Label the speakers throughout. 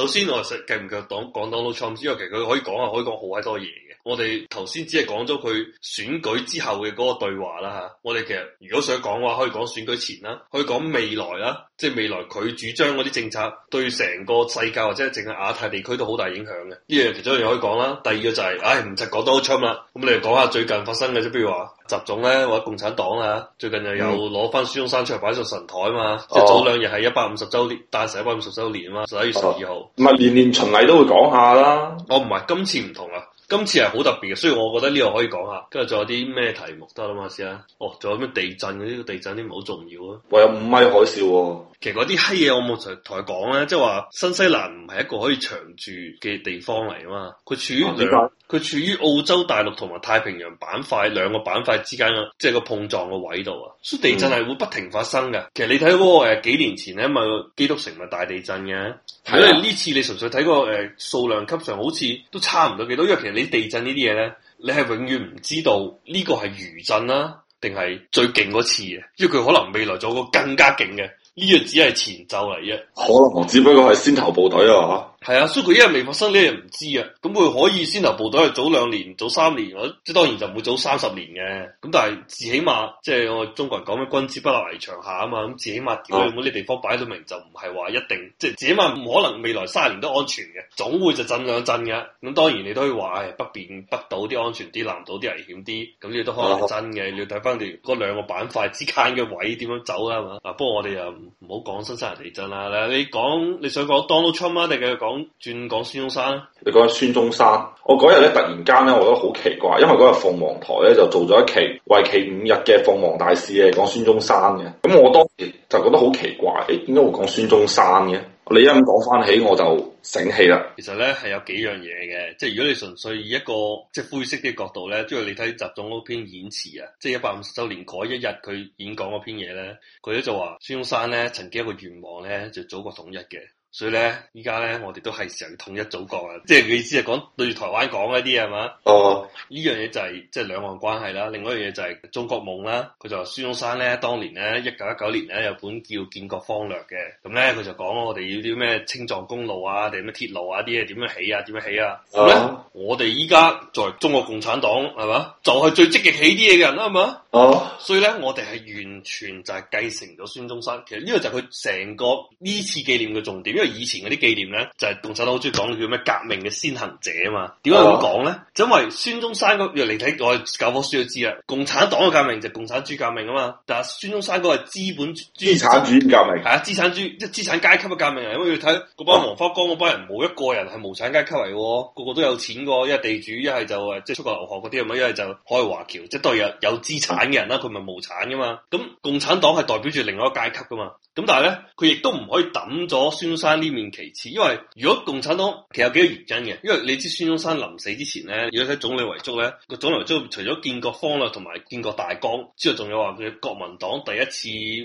Speaker 1: 首先我係計唔計黨講黨佬 Trump 因為其實佢可以講啊，可以講好鬼多嘢嘅。我哋頭先只係講咗佢選舉之後嘅嗰個對話啦嚇。我哋其實如果想講嘅話，可以講選舉前啦，可以講未來啦。即係未來佢主張嗰啲政策對成個世界或者係淨係亞太地區都好大影響嘅，呢樣其中一樣可以講啦。第二個就係，唉唔使講多出啦。咁你哋講下最近發生嘅啫，譬如話習總咧或者共產黨啊，最近又有攞翻孫中山出嚟擺上神台啊嘛。即係早兩日係一百五十週年，誕辰一百五十週年啊嘛，十一月十二號。唔係年年循例都會講下啦。哦，唔係今次唔同啊，今次係好特別嘅。所以我覺得呢個可以講下，跟住仲有啲咩題目得啦嘛先啊。哦，仲有咩地震呢？呢個地震啲唔好重要啊。我有五米海嘯喎。其實嗰啲閪嘢，我冇同佢講咧，即係話新西蘭唔係一個可以長住嘅地方嚟啊嘛，佢處於佢處於澳洲大陸同埋太平洋板塊兩個板塊之間嘅即係個碰撞嘅位度啊，所以地震係會不停發生嘅。嗯、其實你睇嗰、嗰個誒幾年前咧咪基督城咪大地震嘅，係咯、嗯，呢次你純粹睇個誒數量級上好似都差唔多幾多，因為其實你地震呢啲嘢咧，你係永遠唔知道呢個係餘震啦，啊，定係最勁嗰次嘅，因為佢可能未來仲有個更加勁嘅。呢個只係前奏嚟啫，
Speaker 2: 可能我只不過係
Speaker 1: 先頭部隊啊。係啊，所以佢一日未發生呢，又唔知啊。咁佢可以先頭部隊係早兩年、早三年，我即係當然就唔會早三十年嘅。咁但係至起碼，即係我中國人講嘅君子不立危牆下啊嘛。咁至起碼，嗰啲、啊、地方擺到明，就唔係話一定，即係至起碼唔可能未來三年都安全嘅，總會就震兩震嘅。咁當然你都可以話，誒，北邊北島啲安全啲，南島啲危險啲。咁你都可能係真嘅。啊、你要睇翻你嗰兩個板塊之間嘅位點樣走啦。啊，不過我哋又唔好講新西蘭地震啦。你講你想講 Donald Trump 啊，你繼續講。講轉講孫中山，你講孫中山，我嗰日咧突然間咧，我覺得好奇怪，因為嗰日鳳凰台咧就做咗一期為期五日嘅鳳凰大師咧，講孫中山嘅，咁我當時就覺得好奇怪，誒，點解會講孫中山嘅？你一咁講翻起，我就醒起啦。其實咧係有幾樣嘢嘅，即係如果你純粹以一個即係灰色啲角度咧，即係你睇習總嗰篇演詞啊，即係一百五十周年嗰一日佢演講嗰篇嘢咧，佢咧就話孫中山咧曾經一個願望咧就祖國統一嘅。所以咧，依家咧，我哋都係時候要統一祖國啦，即係佢意思係講，對住台灣講一啲係嘛哦。呢、oh. 樣嘢就係即係兩岸關係啦，另外一樣嘢就係中國夢啦。佢就話孫中山咧，當年咧一九一九年咧有本叫《建國方略》嘅，咁咧佢就講我哋要啲咩青藏公路啊，定咩鐵路啊啲嘢點樣起啊，點樣起啊。咁咧，我哋依家在中國共產黨係嘛，就係、是、最積極起啲嘢嘅人啦，係嘛。哦，所以咧，我哋係完全就係繼承咗孫中山，其實呢個就係佢成個呢次紀念嘅重點，因為以前嗰啲紀念咧就係共產黨好中意講叫咩革命嘅先行者啊嘛。點解咁講咧？就因為孫中山嗰若嚟睇我哋教科書都知啦，共產黨嘅革命就係共產主義革命啊嘛，但係孫中山嗰係資本資產主義革命，係啊，資產主即係資產階級嘅革命。因為你睇嗰班黃花崗嗰班人冇一個人係無產階級嚟，個個都有錢個，一係地主，一係就誒即係出國留學嗰啲咁啊，一係就開華僑，即係都有有資產。嘅人啦、啊，佢咪無產噶、嗯、嘛？咁共產黨係代表住另外一個階級噶嘛？咁但係咧，佢亦都唔可以抌咗孫中山呢面旗幟，因為如果共產黨其實有幾個原因嘅，因為你知孫中山臨死之前咧，如果睇總理遺囑咧，個總理遺囑除咗建國方略同埋建國大綱之外，仲有話佢國民黨第一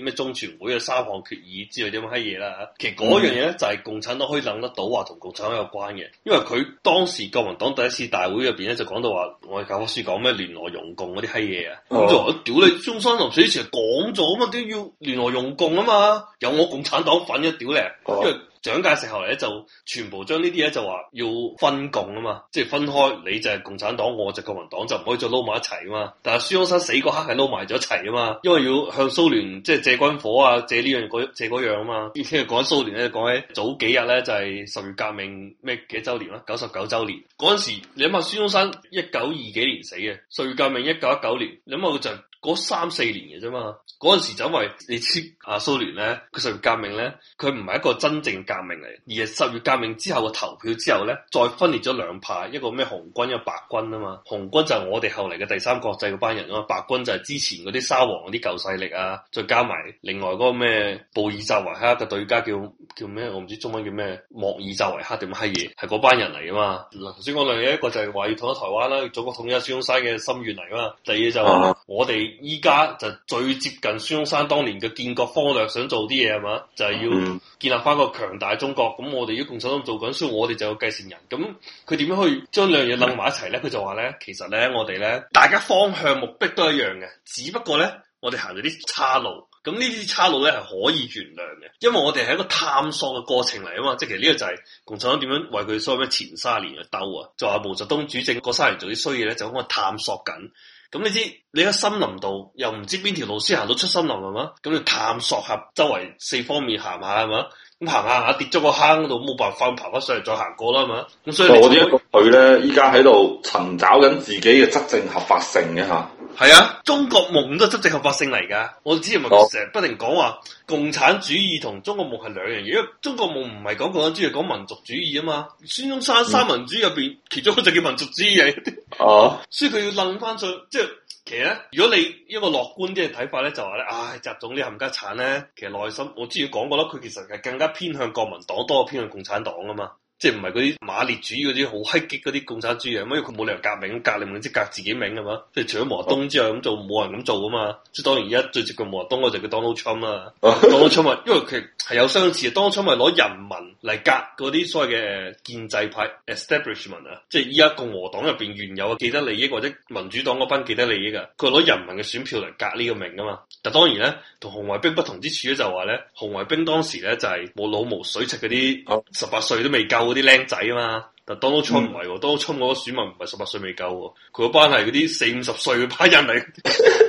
Speaker 1: 次咩中全會嘅三項決議之類啲咁嘅閪嘢啦。其實嗰樣嘢咧、嗯、就係共產黨可以諗得到話同共產黨有關嘅，因為佢當時國民黨第一次大會入邊咧就講到話，我哋教科書講咩聯俄容共嗰啲閪嘢啊，嗯嗯我屌你中山臨死前講咗啊嘛，都要聯合容共啊嘛，有我共產黨份嘅屌你。蔣介石後嚟咧就全部將呢啲嘢就話要分共啊嘛，即係分開，你就係共產黨，我就國民黨就唔可以再撈埋一齊啊嘛。但係孫中山死嗰刻係撈埋咗一齊啊嘛，因為要向蘇聯即係借軍火啊，借呢樣嗰借嗰樣啊嘛。而且講蘇聯咧，講喺早幾日咧就係十月革命咩幾周年啦，九十九周年嗰陣時，你諗下孫中山一九二幾年死嘅，十月革命一九一九年，你諗下就。嗰三四年嘅啫嘛，嗰陣時就因為你知啊蘇聯咧，佢十月革命咧，佢唔係一個真正革命嚟，而係十月革命之後嘅投票之後咧，再分裂咗兩派，一個咩紅軍，一個白軍啊嘛，紅軍就係我哋後嚟嘅第三國際嗰班人啊嘛，白軍就係之前嗰啲沙皇嗰啲舊勢力啊，再加埋另外嗰個咩布爾什維克嘅對家叫叫咩？我唔知中文叫咩，莫爾茲維克定乜閪嘢，係嗰班人嚟啊嘛。頭先講兩嘢，一個就係話要統一台灣啦，祖國統一孫中山嘅心願嚟啊嘛，第二就我哋。依家就最接近孫中山當年嘅建國方略，想做啲嘢係嘛？就係要建立翻個強大中國。咁我哋如共產黨做緊，所以我哋就有繼承人。咁佢點樣去將兩樣嘢掕埋一齊咧？佢就話咧，其實咧我哋咧大家方向目的都一樣嘅，只不過咧我哋行咗啲岔路。咁呢啲岔路咧係可以原諒嘅，因為我哋係一個探索嘅過程嚟啊嘛。即係其實呢個就係共產黨點樣為佢所謂咩前卅年去鬥啊，就話毛澤東主政嗰卅年做啲衰嘢咧，就喺度探索緊。咁、嗯、你知你喺森林度又唔知邊條路先行到出森林，係嘛？咁你，嗯、探索下周圍四方面行下係嘛？咁行下下跌咗個坑度冇辦法爬翻上去再行過啦嘛？咁、嗯、所以、嗯、我呢一個佢咧依家喺度尋找緊自己嘅執政合法性嘅吓。嗯係啊，中國夢都係執政合法性嚟噶。我之前咪成日不停講話共產主義同中國夢係兩樣嘢，因為中國夢唔係講共產主義，講民族主義啊嘛。孫中山三民主義入邊，其中一個就叫民族主義嚟。哦，所以佢要諗翻上，即係其實，如果你一個樂觀啲嘅睇法咧，就話咧，唉、哎，習總啲冚家鏟咧，其實內心我之前講過啦，佢其實係更加偏向國民黨多，偏向共產黨噶嘛。即係唔係嗰啲馬列主義嗰啲好黑激嗰啲共產主義啊？因為佢冇理由革命，革命咪即係革自己名係嘛？即係除咗毛澤東之外，咁做冇人咁做噶嘛？即係當然，一最接近毛澤東嘅就叫 Donald Trump 啦。Donald Trump 啊，因為佢係有相似。Donald Trump 係攞人民嚟革嗰啲所謂嘅建制派 establishment 啊，Est ment, 即係依家共和黨入邊原有嘅既得利益，或者民主黨嗰班既得利益噶，佢攞人民嘅選票嚟革呢個名噶嘛。但係當然咧，同紅衛兵不同之處咧就話咧，紅衛兵當時咧就係、是、冇老無水尺嗰啲，十八歲都未夠。嗰啲僆仔啊嘛，但 Donald Trump 唔係喎，Donald Trump 嗰啲選民唔係十八歲未夠喎，佢嗰班係嗰啲四五十歲嘅班人嚟。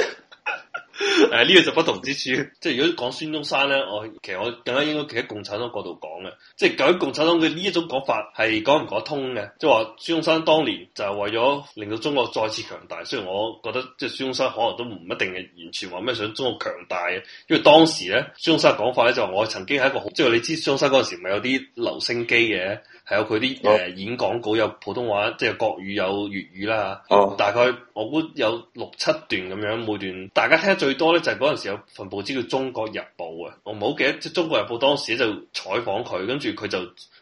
Speaker 1: 誒，呢個就不同之處。即係如果講孫中山咧，我其實我更加應該企喺共產黨角度講嘅。即究竟共產黨嘅呢一種講法係講唔講得通嘅？即係話孫中山當年就係為咗令到中國再次強大。雖然我覺得即係孫中山可能都唔一定係完全話咩想中國強大嘅，因為當時咧孫中山嘅講法咧就話我曾經係一個好，即係你知孫中山嗰陣時咪有啲留聲機嘅。係有佢啲誒演講稿，oh. 有普通話即係、就是、國語有粵語啦。Oh. 大概我估有六七段咁樣，每段大家聽得最多咧就係嗰陣時有份報紙叫《中國日報》啊。我唔好記得即係《就是、中國日報》當時就採訪佢，跟住佢就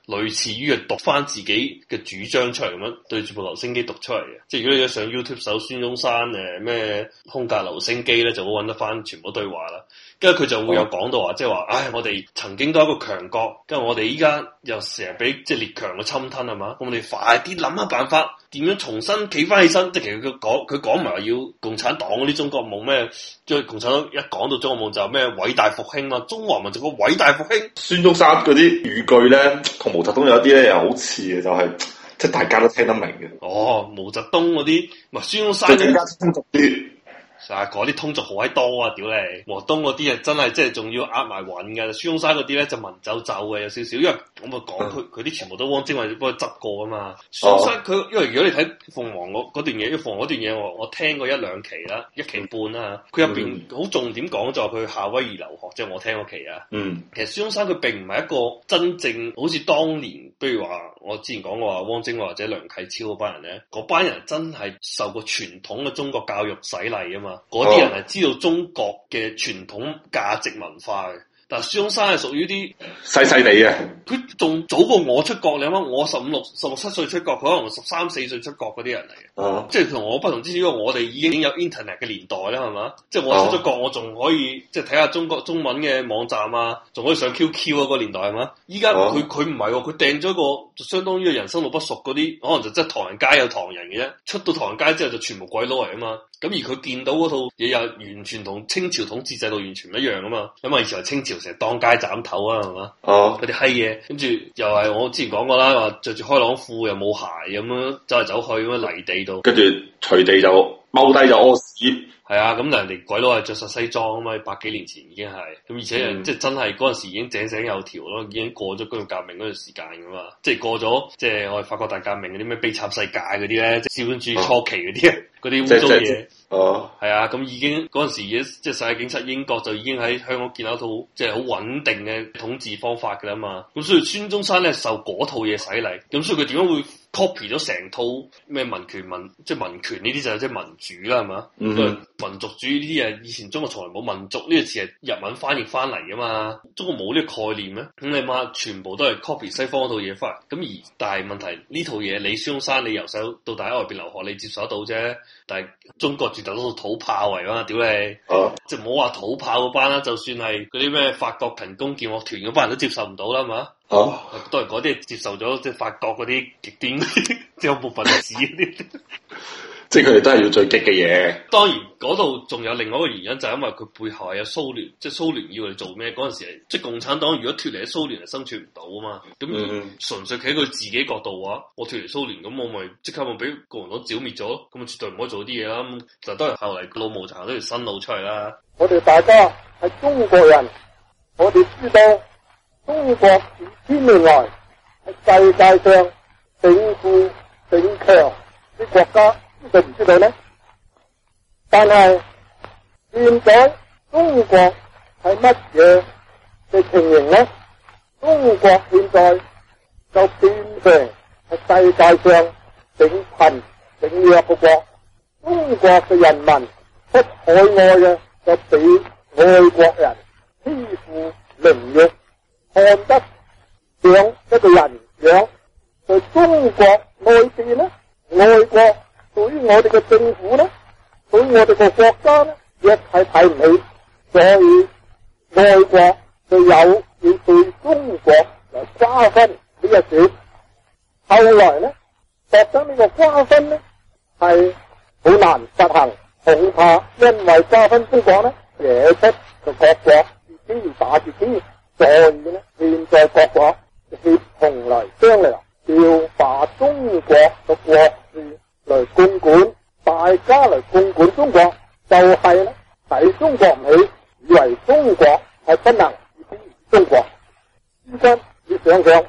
Speaker 1: 類似於讀翻自己嘅主張出嚟咁樣，對住部留聲機讀出嚟嘅。即係如果你而家上 YouTube 搜孫中山誒咩空格留聲機咧，就會揾得翻全部對話啦。即係佢就會有講到話，哦、即係話，唉、哎，我哋曾經都係一個強國，跟住我哋依家又成日俾即係列強嘅侵吞係嘛，咁我哋快啲諗下辦法，點樣重新企翻起身。即係其實佢講，佢講埋要共產黨嗰啲中國夢咩？即係共產黨一講到中國夢就咩偉大復興咯，中華民族嘅偉大復興。孫中山嗰啲語句咧，同毛澤東有一啲咧又好似嘅，就係、是、即係大家都聽得明嘅。哦，毛澤東嗰啲，唔係孫中山更加通俗啲。係嗰啲通俗好閪多啊！屌你，和東嗰啲啊真係即係仲要呃埋穩嘅。孫中山嗰啲咧就文走走嘅，有少少。因為咁啊，講佢、嗯，佢啲全部都汪精衛幫佢執過啊嘛。孫中山佢因為如果你睇鳳凰嗰段嘢，鳳凰段嘢我我聽過一兩期啦，一期半啦。佢入邊好重點講就係佢去夏威夷留學，即係我聽嗰期啊。嗯，其實孫中山佢並唔係一個真正好似當年，比如話我之前講過話汪精衛或者梁啟超嗰班人咧，嗰班人真係受過傳統嘅中國教育洗禮啊嘛。嗰啲人係知道中國嘅傳統價值文化嘅。但係孫中山係屬於啲細細哋嘅，佢仲早過我出國。你諗下，我十五六、十六七歲出國，佢可能十三四歲出國嗰啲人嚟嘅。哦、嗯，即係同我不同之處，因為我哋已經有 Internet 嘅年代啦，係嘛？即係我出咗國，嗯、我仲可以即係睇下中國中文嘅網站啊，仲可以上 QQ 啊。個年代係嘛？依家佢佢唔係喎，佢、嗯啊、訂咗個就相當於人生路不熟嗰啲，可能就真係唐人街有唐人嘅啫。出到唐人街之後就全部鬼佬嚟啊嘛！咁而佢見到嗰套嘢又完全同清朝統治制，制度完全唔一樣啊嘛！咁啊，以前係清朝。成日當街斬頭啊，係嘛？哦，嗰啲閪嘢，跟住又係我之前講過啦，話著住開朗褲又冇鞋咁樣走嚟走去咁樣泥地度，跟住隨地就踎低就屙屎。係啊，咁人哋鬼佬係着晒西裝啊嘛，百幾年前已經係咁，而且、嗯、即係真係嗰陣時已經井井有條咯，已經過咗工業革命嗰段時間噶嘛，即係過咗即係我哋法國大革命嗰啲咩悲慘世界嗰啲咧，資本主義初期嗰啲嗰啲污糟嘢。啊啊。哦，係啊，咁已經嗰陣時嘅即係世界警察英國就已經喺香港建立一套即係好穩定嘅統治方法噶啦嘛，咁所以孫中山咧受嗰套嘢洗禮，咁所以佢點解會。copy 咗成套咩民權民即係民權呢啲就係即係民主啦，係嘛？Mm hmm. 民族主義呢啲嘢，以前中國從來冇民族呢、呢個詞係日文翻譯翻嚟嘅嘛，中國冇呢個概念咩？咁你嘛全部都係 copy 西方嗰套嘢翻嚟，咁而但係問題呢套嘢，你孫中山你由細到大喺外邊留學，你接受得到啫。但係中國絕大多數土炮嚟嘛，屌你、uh，即係冇話土炮嗰班啦，就算係嗰啲咩法國勤工儉學團嗰班人都接受唔到啦，係嘛？哦，當然嗰啲接受咗即係法國嗰啲極端即係有部分子啲，即係佢哋都係要最激嘅嘢。當然嗰度仲有另外一個原因，就係、是、因為佢背後係有蘇聯，即係蘇聯要嚟做咩？嗰陣時即係、就是、共產黨如果脫離咗蘇聯係生存唔到啊嘛。咁純、嗯、粹企喺佢自己角度嘅話，我脫離蘇聯，咁我咪即刻咪俾共產黨剿滅咗咯。咁啊，絕對唔可以做啲嘢啦。就都係後嚟老毛行咗條新路出嚟啦。
Speaker 2: 我哋大家係中國人，我哋知道。中國幾千年來係世界上頂富頂強嘅國家，你唔知道呢？但係現在中國係乜嘢嘅情形呢？中國現在就變成係世界上頂貧頂弱嘅國。中國嘅人民出海外嘅就畀外國人欺負凌辱。看得像一個人樣，在中國內地呢，外國對於我哋嘅政府呢，對於我哋嘅國家呢，一係睇唔起，所以外國就有要對中國嚟瓜分呢一點。後來呢，覺得呢個瓜分呢，係好難實行，恐怕因為瓜分中國呢，惹得個國國自己要打自己。所以咧，現在各國協同嚟，商量，要把中國嘅國事嚟共管，大家嚟共管中國，就係咧使中國唔起，以為中國係不能治治中國。依家你想想，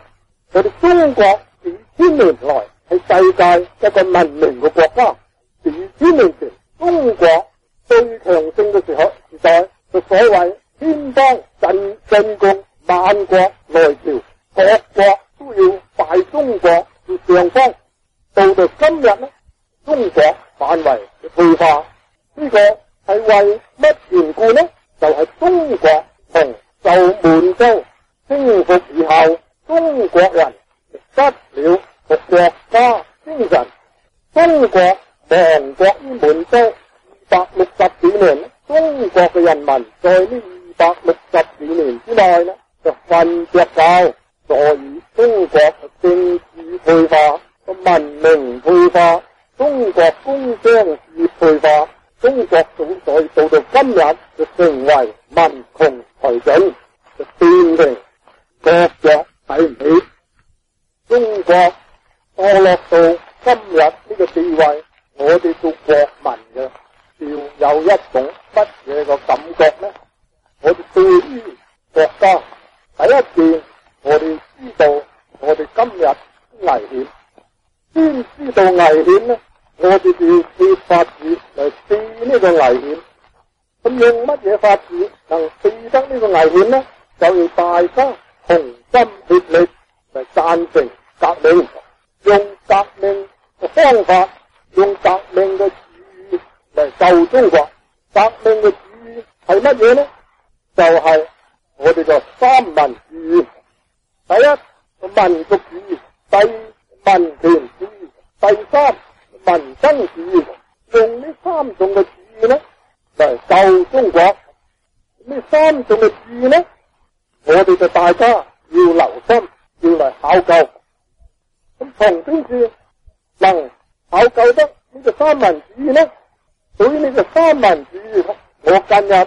Speaker 2: 我哋中國幾千年來係世界一個文明嘅國家，幾千年前中國最強盛嘅時候，時代就所謂。天方進進貢，萬國來朝，各國都要拜中國做上邦。到到今日呢，中國範圍嘅退化，呢個係為乜緣故呢？就係中國從受滿洲征服以後，中國人失了個國家精神，中國亡國於滿洲二百六十幾年，中國嘅人民在呢。百六十五年之內呢，就瞓着覺。所以中國政治退化，個文明退化，中國工商業退化，中國總在到到今日就成為民窮財盡，就變成各國睇唔起。中國墮落到今日呢個地位，我哋做國民嘅要有一種乜嘢個感覺呢？我哋對於國家第一件，我哋知道我哋今日危險，先知道危險咧。我哋就要設法子嚟避呢個危險。咁用乜嘢法子能避得呢個危險咧？就要大家同心協力嚟贊成革命，用革命嘅方法，用革命嘅主義嚟救中國。革命嘅主義係乜嘢咧？就係我哋嘅三民主義，第一民族主義，第二民權主義，第三民生主義。用呢三種嘅主義咧就係救中國。呢三種嘅主義咧，我哋就大家要留心，要嚟考究。咁從邊處能考究得呢個三民主義咧，對於呢個三民主義，我近日。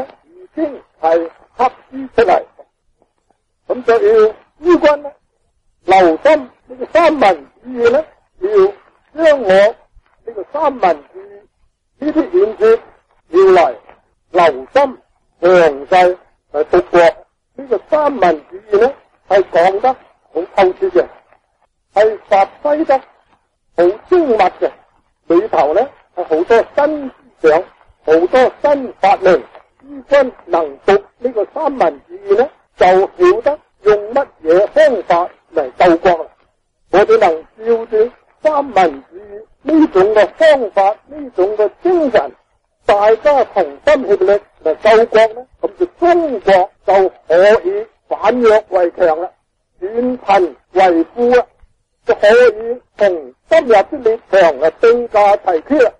Speaker 2: 呢個三民主義咧，就曉得用乜嘢方法嚟救國啦。我哋能照住三民主義呢種嘅方法，呢種嘅精神，大家同心協力嚟救國咧，咁就中國就可以反弱為強啦，轉貧為富啦，就可以同今日啲列強並駕齊驅啦。